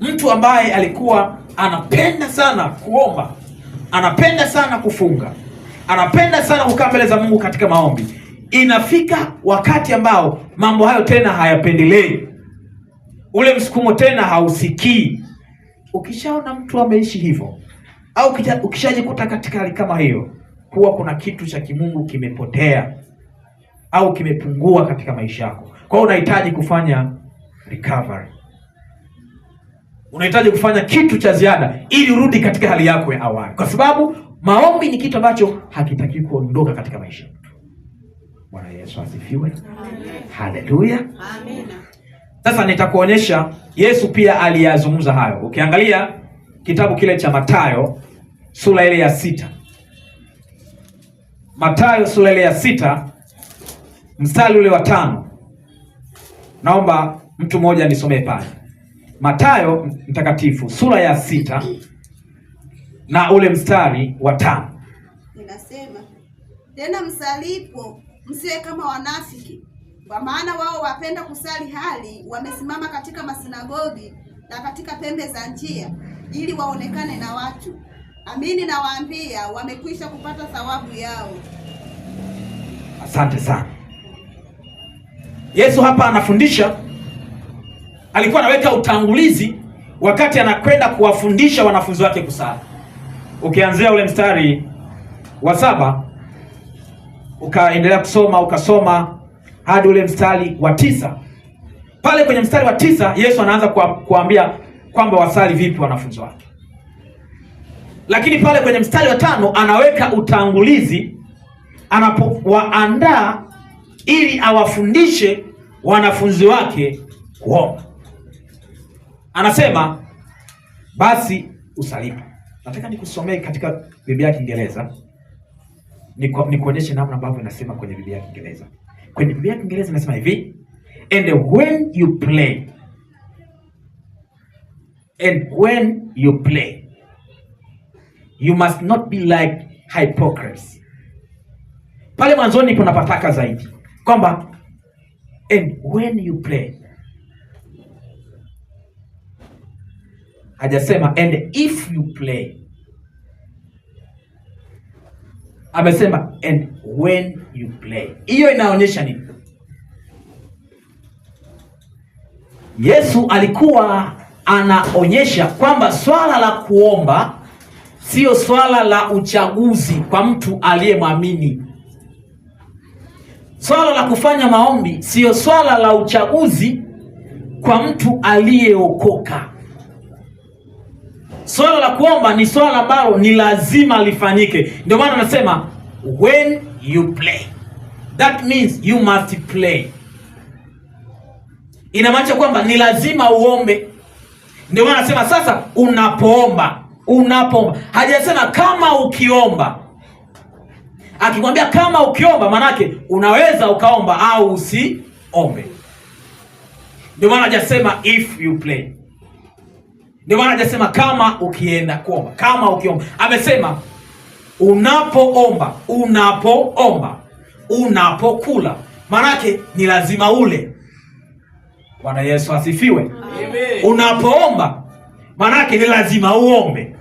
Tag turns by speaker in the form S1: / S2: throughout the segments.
S1: mtu ambaye alikuwa anapenda sana kuomba, anapenda sana kufunga, anapenda sana kukaa mbele za Mungu katika maombi, inafika wakati ambao mambo hayo tena hayapendelei, ule msukumo tena hausikii. Ukishaona mtu ameishi hivyo au ukishajikuta katika hali kama hiyo, huwa kuna kitu cha kimungu kimepotea au kimepungua katika maisha yako. Kwa hiyo unahitaji kufanya recovery unahitaji kufanya kitu cha ziada ili urudi katika hali yako ya awali, kwa sababu maombi ni kitu ambacho hakitaki kuondoka katika maisha. Bwana Yesu asifiwe, haleluya. Sasa nitakuonyesha Yesu pia aliyazungumza hayo. Ukiangalia kitabu kile cha Mathayo sura ile ya sita, Mathayo sura ile ya sita mstari ule wa tano, naomba mtu mmoja nisomee pale. Mathayo mtakatifu sura ya sita na ule mstari wa tano
S2: inasema, tena msalipo msiwe kama wanafiki, kwa maana wao wapenda kusali hali wamesimama katika masinagogi na katika pembe za njia, ili waonekane na watu. Amini nawaambia, wamekwisha kupata thawabu yao.
S1: Asante sana. Yesu hapa anafundisha alikuwa anaweka utangulizi wakati anakwenda kuwafundisha wanafunzi wake kusali. Ukianzia ule mstari wa saba ukaendelea kusoma ukasoma hadi ule mstari wa tisa pale kwenye mstari wa tisa Yesu anaanza kuambia kwamba wasali vipi wanafunzi wake, lakini pale kwenye mstari wa tano anaweka utangulizi anapowaandaa ili awafundishe wanafunzi wake kuomba anasema basi usalipe. Nataka nikusomee katika Biblia ya Kiingereza nikuonyeshe namna ambavyo inasema kwenye Biblia ya Kiingereza. Kwenye Biblia ya Kiingereza inasema hivi and when you play and when you play you must not be like hypocrites. Pale mwanzoni kuna pataka zaidi kwamba and when you play hajasema and if you play, amesema and when you play. Hiyo inaonyesha nini? Yesu alikuwa anaonyesha kwamba swala la kuomba sio swala la uchaguzi kwa mtu aliyemwamini. Swala la kufanya maombi siyo swala la uchaguzi kwa mtu aliyeokoka swala la kuomba ni swala ambalo ni lazima lifanyike. Ndio maana anasema when you play that means you must play. Inamaanisha kwamba ni lazima uombe. Ndio maana anasema sasa, unapoomba unapoomba, hajasema kama ukiomba. Akikwambia kama ukiomba, maanake unaweza ukaomba au usiombe. Ndio maana hajasema if you play. Ndio maana hajasema kama ukienda kuomba, kama ukiomba. Amesema unapoomba, unapoomba, unapokula. Maanake ni lazima ule. Bwana Yesu asifiwe. Amen. Unapoomba maanake ni lazima uombe.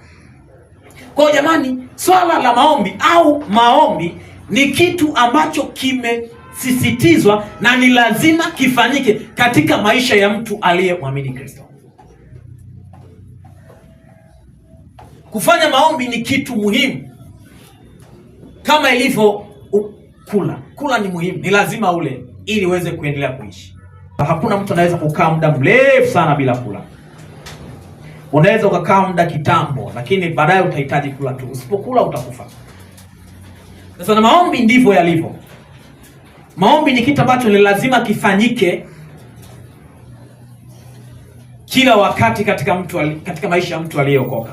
S1: Kwa jamani, swala la maombi au maombi ni kitu ambacho kimesisitizwa na ni lazima kifanyike katika maisha ya mtu aliyemwamini Kristo. Kufanya maombi ni kitu muhimu kama ilivyo kula. Kula ni muhimu, ni lazima ule ili uweze kuendelea kuishi. Hakuna mtu anaweza kukaa muda mrefu sana bila kula. Unaweza ukakaa muda kitambo, lakini baadaye utahitaji kula tu. Usipokula utakufa. Sasa na maombi ndivyo yalivyo. Maombi ni kitu ambacho ni lazima kifanyike kila wakati katika mtu, katika maisha ya mtu aliyeokoka.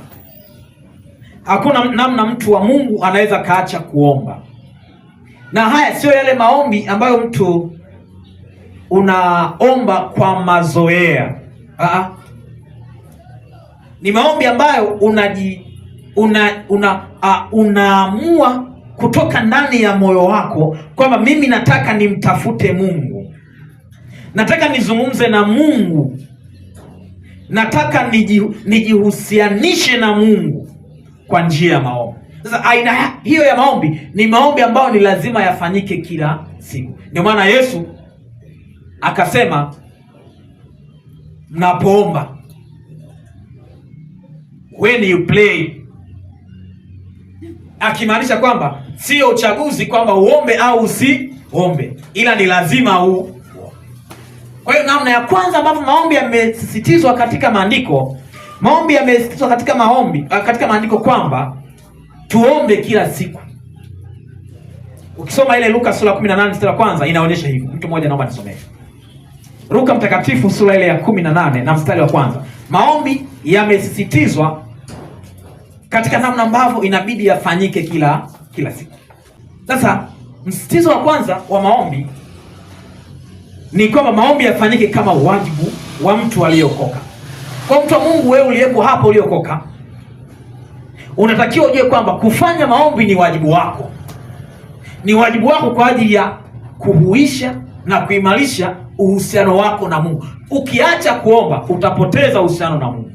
S1: Hakuna namna mtu wa Mungu anaweza kaacha kuomba, na haya sio yale maombi ambayo mtu unaomba kwa mazoea. Aa, ni maombi ambayo unaji una una uh, unaamua kutoka ndani ya moyo wako kwamba mimi nataka nimtafute Mungu, nataka nizungumze na Mungu, nataka niji, nijihusianishe na Mungu kwa njia ya maombi. Sasa aina hiyo ya maombi ni maombi ambayo ni lazima yafanyike kila siku. Ndio maana Yesu akasema mnapoomba, when you pray, akimaanisha kwamba sio uchaguzi kwamba uombe au usiombe, ila ni lazima u. Kwa hiyo namna ya kwanza ambavyo maombi yamesisitizwa katika maandiko Maombi yamesikizwa katika maombi, ah, katika maandiko kwamba tuombe kila siku. Ukisoma ile Luka sura 18 mstari wa kwanza inaonyesha hivyo. Mtu mmoja naomba nisomee. Luka mtakatifu sura ile ya 18 na mstari wa kwanza. Maombi yamesisitizwa katika namna ambavyo inabidi yafanyike kila kila siku. Sasa msisitizo wa kwanza wa maombi ni kwamba maombi yafanyike kama wajibu wa mtu aliyeokoka. Kwa mtu wa Mungu, wewe uliyeko hapa, uliokoka, unatakiwa ujue kwamba kufanya maombi ni wajibu wako, ni wajibu wako kwa ajili ya kuhuisha na kuimarisha uhusiano wako na Mungu. Ukiacha kuomba utapoteza uhusiano na Mungu,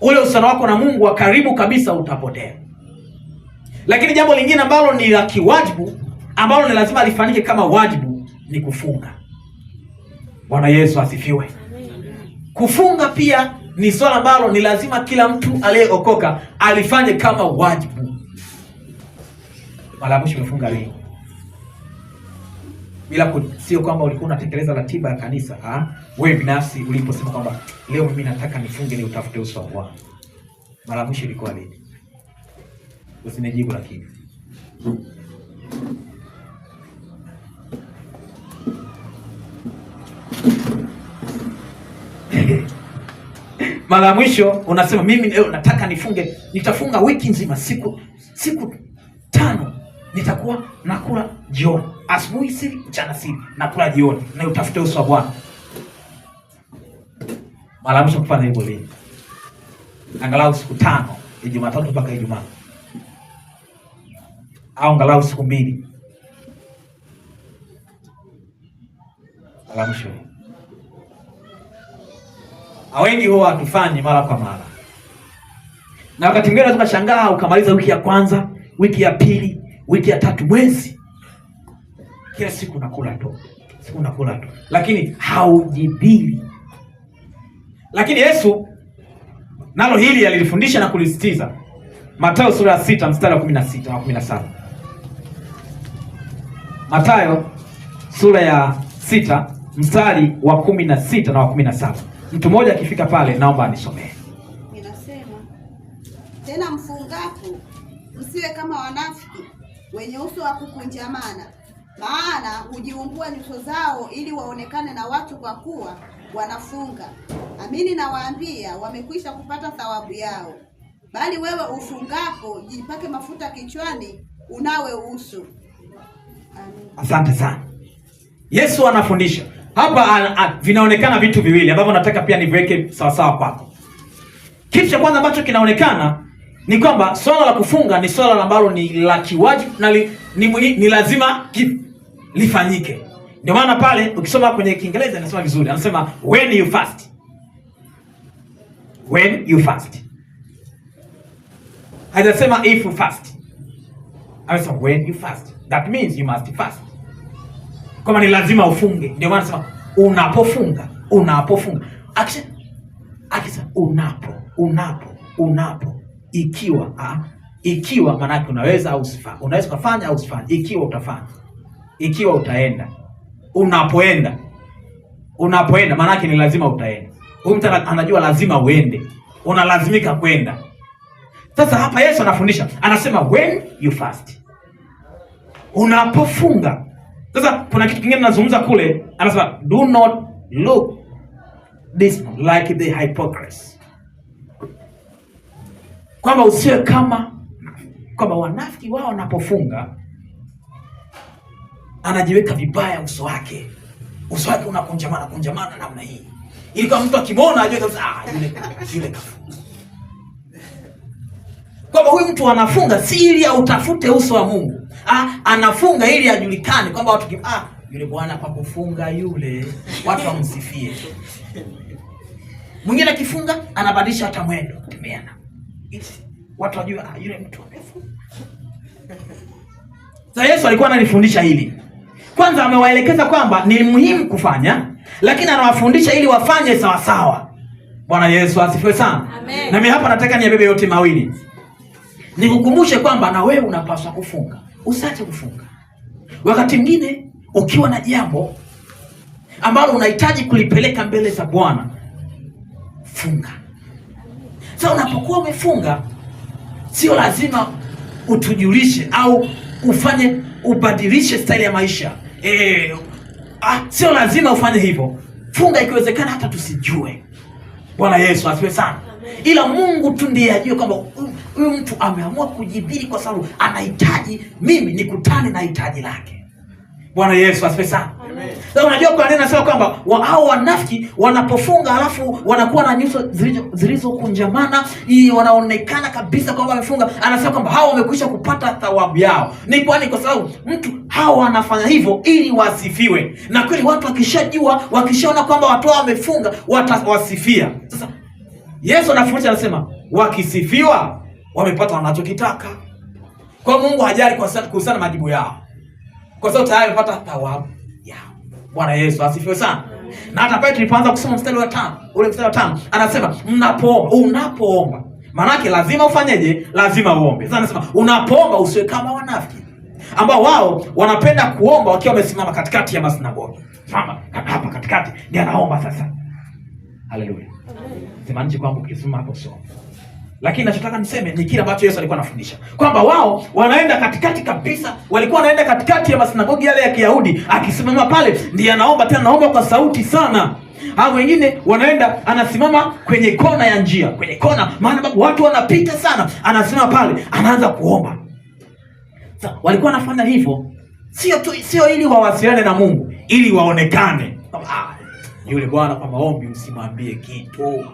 S1: ule uhusiano wako na Mungu wa karibu kabisa utapotea. Lakini jambo lingine ambalo ni la kiwajibu, ambalo ni lazima lifanyike kama wajibu, ni kufunga. Bwana Yesu asifiwe. Kufunga pia ni swala ambalo ni lazima kila mtu aliyeokoka alifanye kama wajibu. Mara mwisho umefunga leo bila, sio kwamba ulikuwa unatekeleza ratiba ya kanisa ha? Wewe binafsi uliposema kwamba leo mimi nataka nifunge ni utafute uso wa Bwana, mara mwisho ilikuwa lini? Usinijibu lakini mara ya mwisho unasema mimi leo nataka nifunge, nitafunga wiki nzima, siku siku tano nitakuwa nakula jioni, asubuhi sili, mchana sili, nakula jioni na utafute uso wa Bwana. Mara ya mwisho kufanya hivyo lini? Angalau siku tano, Jumatatu mpaka Ijumaa, au angalau siku mbili. Mara ya mwisho wengi huwa hatufanyi mara kwa mara, na wakati mwingine kushangaa ukamaliza wiki ya kwanza, wiki ya pili, wiki ya tatu, mwezi, kila siku nakula tu, siku nakula tu, lakini haujibili. Lakini Yesu nalo hili alilifundisha na kulisitiza, Mathayo sura ya sita mstari wa kumi na sita na kumi na saba Mathayo sura ya sita mstari wa kumi na sita na wa kumi na saba Mtu mmoja akifika pale, naomba anisomee.
S2: Inasema tena, mfungapo msiwe kama wanafiki wenye uso wa kukunjamana, maana hujiumbua nyuso zao ili waonekane na watu kwa kuwa wanafunga. Amini nawaambia, wamekwisha kupata thawabu yao. Bali wewe ufungapo, jipake mafuta kichwani, unawe uso.
S1: Amin. Asante sana. Yesu anafundisha hapa ah, ah, vinaonekana vitu viwili ambavyo nataka pia niviweke sawasawa kwako. Kitu cha kwanza ambacho kinaonekana ni kwamba swala la kufunga ni swala ambalo ni la kiwajibu na li, ni, ni lazima lifanyike. Ndio maana pale ukisoma kwenye Kiingereza inasema vizuri, anasema when you fast. When you fast. Hajasema if you fast. Anasema when you fast. That means you must fast kwamba ni lazima ufunge. Ndio maana sema unapofunga, unapofunga, akisha akisha unapo unapo unapo, ikiwa ha? Ah, ikiwa maanake unaweza au usifanye, unaweza ukafanya au usifanye, ikiwa utafanya, ikiwa utaenda, unapoenda, unapoenda maanake ni lazima utaenda. Huyu mtu anajua lazima uende, unalazimika kwenda. Sasa hapa Yesu anafundisha, anasema when you fast, unapofunga sasa kuna kitu kingine nazungumza kule, anasema do not look this like the hypocrisy, kwamba usiwe kama kwamba wanafiki wao wanapofunga anajiweka vibaya uso wake, uso wake unakunjamana kunjamana namna hii, ili kama mtu akimwona ajue kabisa ah, yule yule kafunga. Kwamba huyu mtu anafunga si ili autafute uso wa Mungu ah, anafunga ili ajulikane kwamba watu ah, yule bwana kwa kufunga yule watu wamsifie. Mwingine akifunga anabadilisha hata mwendo kutembeana, watu wajue ah, yule mtu amefunga. Sasa Yesu alikuwa ananifundisha hili kwanza, amewaelekeza kwamba ni muhimu kufanya, lakini anawafundisha ili wafanye sawasawa. Bwana Yesu asifiwe sana. Amen. Na mimi hapa nataka niabebe yote mawili, nikukumbushe kwamba na wewe unapaswa kufunga usiache kufunga. Wakati mwingine ukiwa na jambo ambalo unahitaji kulipeleka mbele za Bwana, funga. Sasa unapokuwa umefunga, sio lazima utujulishe au ufanye ubadilishe staili ya maisha e, ah, sio lazima ufanye hivyo. Funga ikiwezekana hata tusijue. Bwana Yesu asifiwe sana, ila Mungu tu ndiye ajue kwamba huyu mtu ameamua kujibiri kwa sababu anahitaji, mimi nikutane na hitaji lake. Bwana Yesu asifiwe sana. Sasa unajua kwa nini nasema kwamba wa hao wanafiki wanapofunga alafu wanakuwa na nyuso zilizokunjamana, hii wanaonekana kabisa kwamba wamefunga. Anasema kwamba hao wamekwisha kupata thawabu yao. Ni kwani? Kwa sababu mtu hao wanafanya hivyo ili wasifiwe, na kweli watu wakishajua, wakishaona kwamba watu hao wamefunga watawasifia. Sasa Yesu anafundisha, anasema wakisifiwa wamepata wanachokitaka. Kwa Mungu hajali kwa sababu kuhusiana majibu yao, kwa sababu tayari wamepata thawabu yao. Bwana Yesu asifiwe sana. Na hata pale tulipoanza kusoma mstari wa tano, ule mstari wa tano anasema mnapoomba, unapoomba maanake lazima ufanyeje? Lazima uombe. Sasa anasema unapoomba usiwe kama wanafiki ambao wao wanapenda kuomba wakiwa wamesimama katikati ya masinagogi. Mama hapa katikati ndiye anaomba sasa. Haleluya! Simaanishi kwamba ukisimama hapo sio lakini nachotaka niseme ni kile ambacho Yesu alikuwa anafundisha kwamba wao wanaenda katikati kabisa, walikuwa wanaenda katikati ya masinagogi yale ya Kiyahudi, akisimama pale ndiye anaomba, tena naomba kwa sauti sana. Hao wengine wanaenda, anasimama kwenye kona ya njia, kwenye kona, maana watu wanapita sana, anasimama pale, anaanza kuomba. Sa, walikuwa wanafanya hivyo sio tu, sio ili wawasiliane na Mungu, ili waonekane ah, yule bwana kwa maombi, usimwambie kitu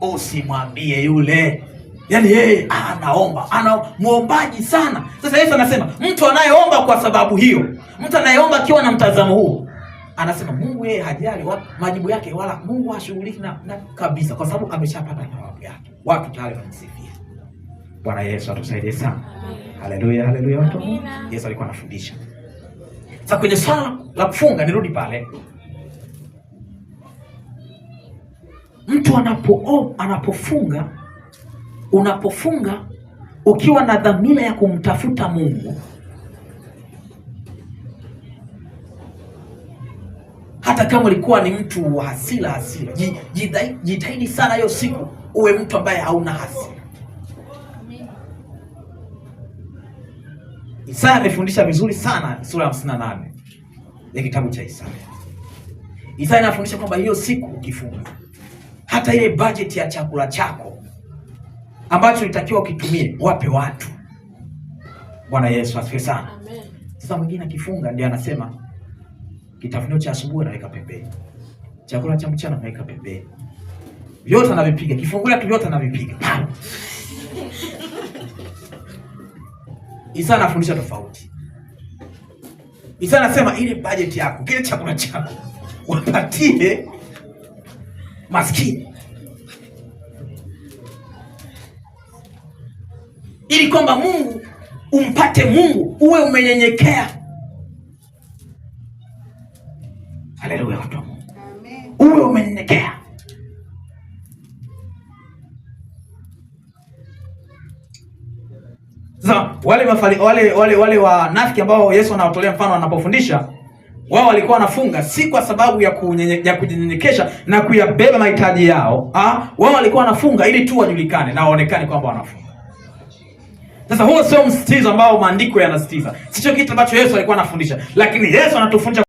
S1: usimwambie yule. Yaani yeye anaomba, ana muombaji sana. Sasa Yesu anasema mtu anayeomba kwa sababu hiyo, mtu anayeomba akiwa na mtazamo huu, anasema Mungu yeye hajali majibu yake, wala Mungu hashughuliki na, na kabisa, kwa sababu ameshapata jawabu yake. Watu tayari wanamsifia. Bwana Yesu atusaidie sana. Haleluya, haleluya watu. Yesu alikuwa anafundisha. Sasa kwenye swala la kufunga nirudi pale. mtu anapo oh, anapofunga unapofunga ukiwa na dhamira ya kumtafuta Mungu, hata kama ulikuwa ni mtu wa hasira hasira, jitahidi sana hiyo siku uwe mtu ambaye hauna hasira. Isaya amefundisha vizuri sana sura ya 58 ya kitabu cha Isaya. Isaya anafundisha kwamba hiyo siku ukifunga hata ile bajeti ya chakula chako ambacho ulitakiwa ukitumie, wape watu. Bwana Yesu asifiwe sana. Sasa mwingine akifunga ndio anasema kitafunio cha asubuhi anaweka pembeni, chakula cha mchana anaweka pembeni, vyote anavipiga, kifungula tu vyote anavipiga. Isa anafundisha tofauti. Isa anasema ile bajeti yako, kile chakula chako wapatie maskini, ili kwamba Mungu umpate Mungu uwe umenyenyekea. Haleluya, watu wa Mungu, uwe umenyenyekea. Sasa wale wale wale wanafiki ambao Yesu anawatolea mfano anapofundisha wao walikuwa wanafunga si kwa sababu ya ya kujinyenyekesha na kuyabeba mahitaji yao. Wao walikuwa wanafunga ili tu wajulikane na waonekane kwamba wanafunga. Sasa huo sio msitizo ambao maandiko yanasitiza, sicho kitu ambacho Yesu alikuwa anafundisha, lakini Yesu anatufundisha